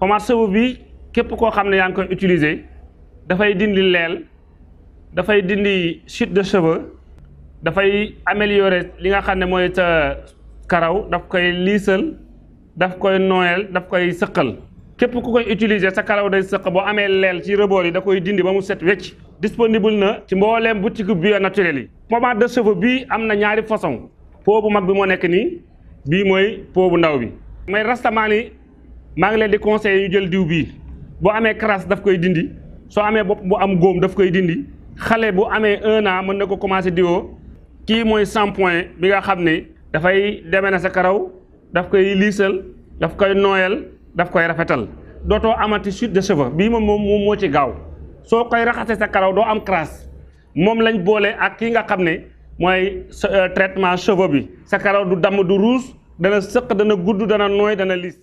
commencé wu bi képp koo xam ne yaa ngi koy utiliser dafay dindi leel dafay dindi chute de cheveux dafay améliorer li nga xam ne mooy sa karaw daf koy liisal daf koy nooyal daf koy sëqal képp ku koy utiliser sa karaw day sëq boo amee leel ci rebord yi da koy dindi ba mu set wecc disponible na ci mbooleem boutique bio naturel yi pommade de cheveux bii am na ñaari façon pot bu mag bi moo nekk nii bii mooy pot bu ndaw bi mais rastamaan yi maa ngi leen di conseillé ñu jël diw bii boo amee crasse daf koy dindi soo amee bopp bu am góom daf koy dindi xale bu amee un an mën na ko commencé diwoo kii mooy shampoing bi nga xam ne dafay demee na sa karaw daf koy liisal daf koy nooyal daf koy rafetal dootoo amati chute de cheveux bii moom moom moo ci gaaw soo koy raxasee sa karaw doo am crasse moom lañ boole ak kii nga xam ne mooy euh, traitement cheveux bi sa karaw du damm du ruus dana sëq dana gudd dana nooy dana liis